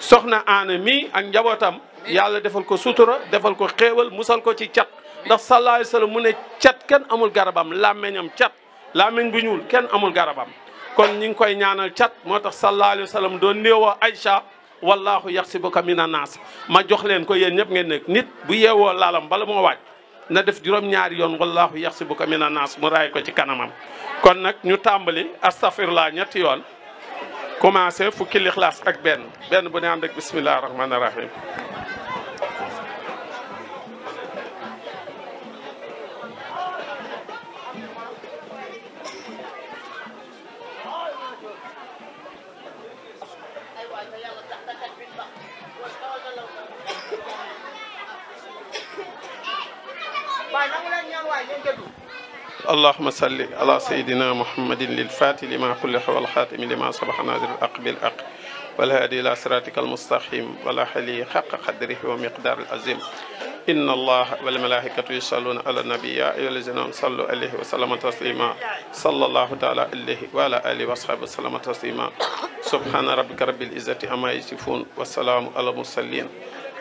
A: soxna aana mii ak njabootam yàlla defal ko sutura defal ko xéewal musal ko ci cat ndax sallallahu alayhi mu ne cat kenn amul garabam làmmeñam cat làmmeñ bu ñuul kenn amul garabam kon ñu ngi koy ñaanal cat moo tax sallallahu alayhi wasallam doon néewoo Aïcha wallahu yaxsibuka mina naas ma jox leen ko yéen ñëpp ngeen nekk nit bu yeewoo laalam bala moo waaj na def juróom-ñaari yoon wallahu yaxsibuka mina naas mu raay ko ci kanamam kon nag ñu tàmbali astafirlaa ñetti yoon commencé fukki lixlaas ak benn benn bu ne ànd ak bisimilah rahmaani rahim. اللهم صل على سيدنا محمد للفاتح لما خلق والخاتم لما سبق ناظر الحق بالحق والهادي إلى صراطك المستقيم ولا حلي حق قدره ومقدار العظيم إن الله والملائكة يصلون على النبي يا أيها الذين آمنوا صلوا عليه وسلم تسليما صلى الله تعالى عليه وعلى آله وصحبه وسلم تسليما سبحان ربك رب العزة عما يصفون والسلام على المرسلين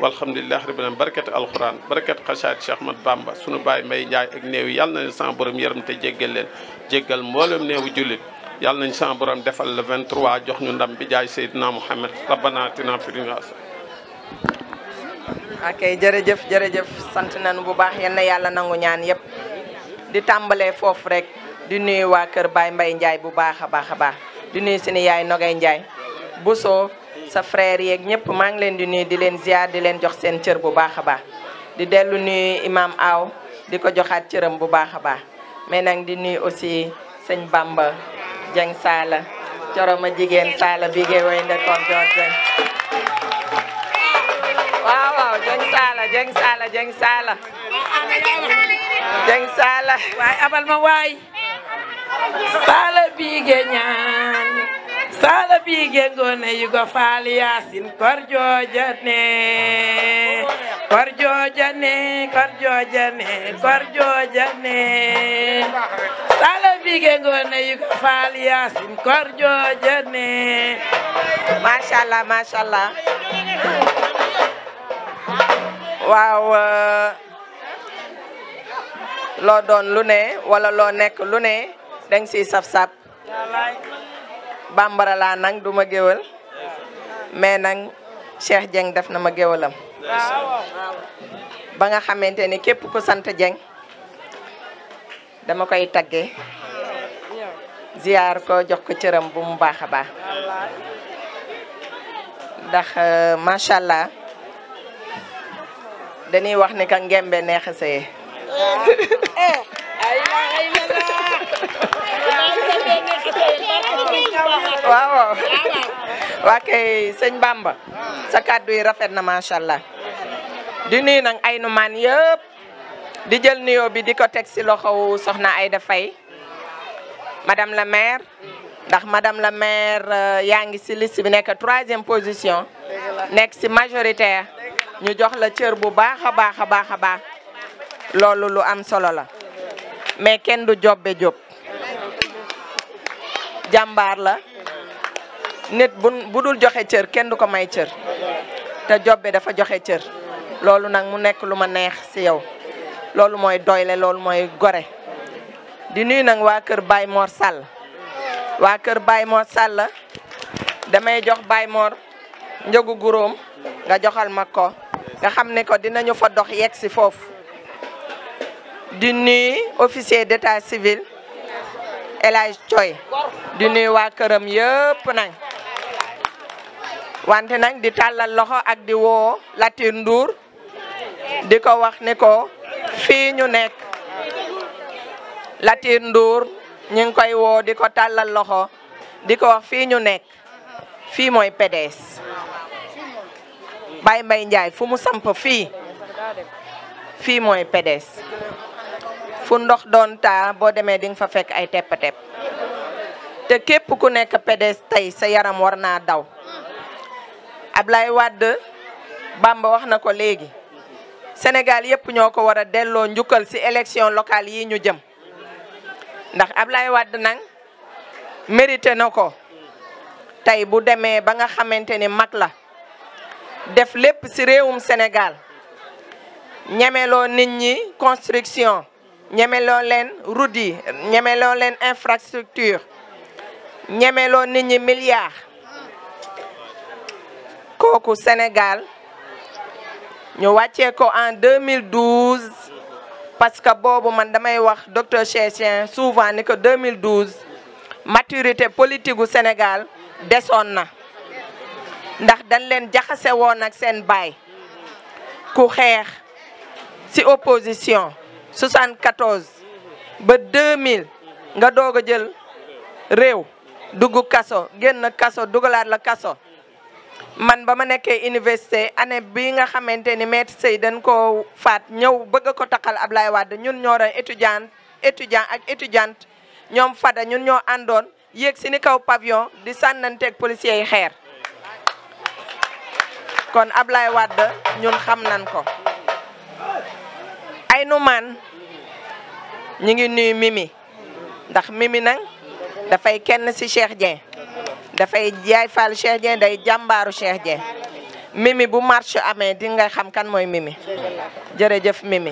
A: walhamdulilah rabbil alamin barkat alquran barkat xasaat Cheikh Ahmad Bamba sunu baay Mbay Njaay ak néew yi yàlla nañu san borom yaram te jéggal leen jéggal mboolem néewu jullit yàlla nañu san borom defal le 23 jox ñu ndam bi jaay Seydina Muhammad rabbana atina fid dunya
D: ok jërëjëf jërëjëf sant nañu bu baax yal na yàlla nangu ñaan yëpp di tàmbalee foofu rek di nuyu waa kër baay Mbay Njaay bu baax a baax a baax di nuyu suñu yaay Nogay Njaay Bousso sa frère yeeg ñëpp maa ngi leen di nuyu di leen ziar di leen jox seen cër bu baax a baax di dellu nuyu imam aw di ko joxaat cëram bu baax a baax mais nag di nuyu aussi sëñ Bamba Dieng Saala coroma jigéen Saala bi ngay woy nde kon joor Dieng waaw Saala Dieng Saala waay abal ma waay Saala bi ngay sala ɓigue gone yugo faal yasin korjojane korjojane korjojane korjojane sala ɓigue gone yugo faal yasin korjojane machallah machallah waaw euh, loo doon lu ne wala loo nekk lu ne dang si sap bambara laa nang du ma géwal mais nag Cheikh Dieng def na ma géwalam ba nga xamante ni képp ku sant jeng dama koy tagge ziar ko jox ko cëram bu mu baax a baax ndax euh, macha allah dañuy wax ni ka ngembe neex a sëye eh, eh. waaw waaw waa kay sëñ Bamba sa kàddu yi rafet na macha allah di nuyu nag ay nu maan yëpp di jël nuyoo bi di ko teg si loxow ay Aida Faye madame la maire ndax madame la maire euh, yaa ngi si liste bi nekk troisième position nekk si majoritaire ñu jox la cër bu baax a baax a baax a baax loolu lu am solo la mais kenn du jobbe job jàmbaar la nit bu bu dul joxe cër kenn du ko may cër te jobbe dafa joxe cër loolu nag mu nekk lu ma neex ci yow loolu mooy doyle loolu mooy gore di nuyu nag waa kër Baye Mor Sall waa kër Baye Mor Sall damay jox Baye Mor njëgu guroom nga joxal ma ko nga xam ne ko dinañu fa dox yegg si foofu di nuyu officier d'état civil El Coy di nuyu waa këram yëpp nag wante nag di tàllal loxo ak di woo Latir nduur di ko wax ne ko fii ñu nekk Latir nduur ñu ngi koy woo di ko tàllal loxo di ko wax fii ñu nekk fii mooy PDS Baye Mbaye Ndiaye fu mu samp fii fii mooy PDS fu ndox doon boo demee dinga fa fekk ay tepp-tepp te képp ku nekk PDS tey sa yaram war naa daw Ablaye Wade Bamba wax na ko léegi Sénégal yëpp ñoo ko war a delloo njukkal ci élection locale yi ñu jëm ndax Ablaye Wade nag mérité na ko tey bu demee ba nga xamante ni mag la def lépp ci réewum Sénégal ñemeloo nit ñi construction ñemeloo leen route ñemeloo leen infrastructure ñemeloo nit ñi milliards kooku Sénégal ñu wàccee ko en 2012 parce que boobu man damay wax docteur Chrétien souvent ni que 2012 maturité politique gu Sénégal desoon na ndax dañ leen jaxase woon ak seen baay ku xeex ci opposition 74 ba 2000 nga doog a jël réew dugg kaso génn kaso dugalaat la kaso man ba ma nekkee université année bi nga xamante ni maître Sey dañ koo faat ñëw bëgg ko taxal Ablaye Wade ñun ñoo doon étudiant étudiant ak étudiante ñoom fada ñun ñoo àndoon yéeg si ni kaw pavillon di sànnanteek policiers yi xeer kon Ablaye Wade ñun xam nan ko ay numaan ñu ngi nuyu Mimi ndax Mimi nag dafay kenn ci Cheikh Dieng dafay jaay faal Cheikh Dieng day jàmbaaru Cheikh Dieng Mimi bu marche amee di nga xam kan mooy Mimi jërëjëf Mimi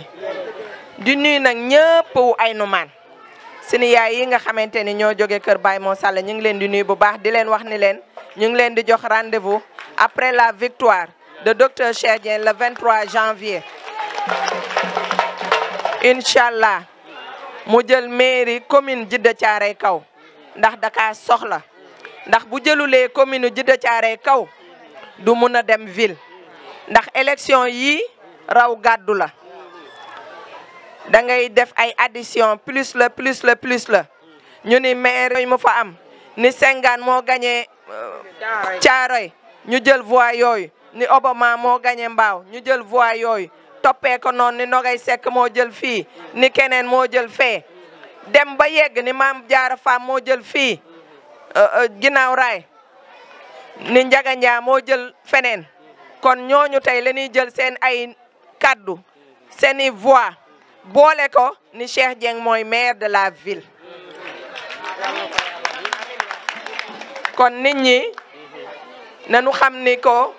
D: di nuyu nag ñëpp wu ay numaan sunu yaay yi nga xamante ni ñoo jóge kër baay moo salle ñu ngi leen di nuyu bu baax di leen wax ni leen ñu ngi leen di jox rendez-vous après la victoire de docteur Cheikh Dieng le 23 janvier incha allah mu jël mairie commune Djidda Thiaroye Kaw ndax daka soxla ndax bu jëlulee commune Djidda Thiaroye Kaw du mun a dem ville ndax élection yi raw gàddu la da ngay def ay addition plus la plus la plus la ñu ni maire yooyu mu fa am ni Senghane moo gagné euh, Thiaroye ñu jël voix yooyu ni Obama moo gagné mbaaw ñu jël voix yooyu toppee noon noonu ni Nogay Seck moo jël fii ni keneen moo jël fee dem ba yegg ni maam jaara faam moo jël fii euh, euh, ginnaaw raay ni Njaga Njaa moo jël feneen kon ñooñu tey la jël seen ay kaddu seeni i boole ko ni Cheikh Dieng mooy maire de la ville kon nit ñi nañu xam ni ko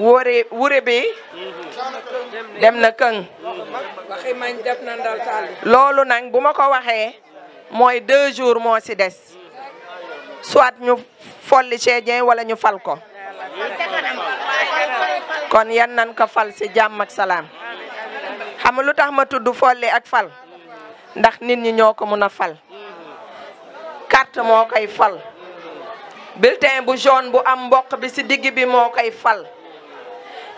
D: wóore wure bi dem na këng loolu nag bu ma ko waxee mooy deux jours moo ci des soit ñu folli Cheikh wala ñu fal ko kon yan nan ko fal ci jàmm ak salaam xam lu tax ma tudd folli ak fal ndax nit ñi ñoo ko mën a fal carte moo koy fal bulletin bu jaune bu am mboq bi ci digg bi moo koy fal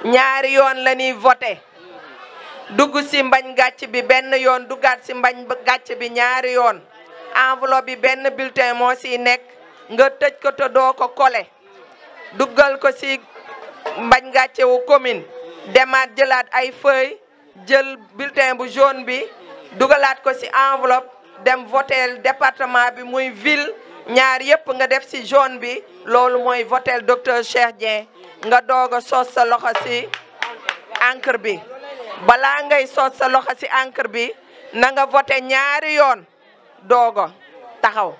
D: ñaari yoon la ñuy voté dugg ci mbañ gàcc bi benn yoon duggaat ci mbañ gàcc bi ñaari yoon enveloppe bi benn bulletin moo ciy nekk nga tëj ko te doo ko kole duggal ko ci mbañ gàccewu wu commune demaat jëlaat ay feuille jël bulletin bu jaune bi dugalaat ko ci enveloppe dem votel département bi muy ville ñaar yëpp nga def ci jaune bi loolu mooy votel docteur Cheikh Dieng nga doog a soos sa loxo ci encre bi balaa ngay soos sa loxo ci encre bi na nga voté ñaari yoon doog a taxaw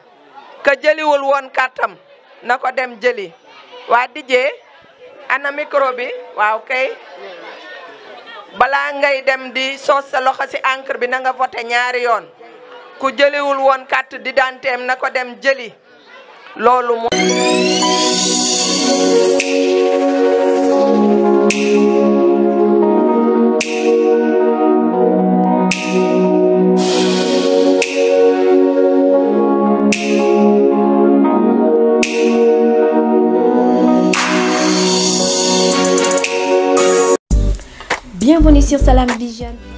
D: ka jëliwul woon kàttam na ko dem jëli waa dijee ana micro bi waaw kay balaa ngay dem di soos sa loxo ci encre bi na nga voté ñaari yoon ku jëliwul woon carte d'identité am na ko dem jëli loolu
F: moo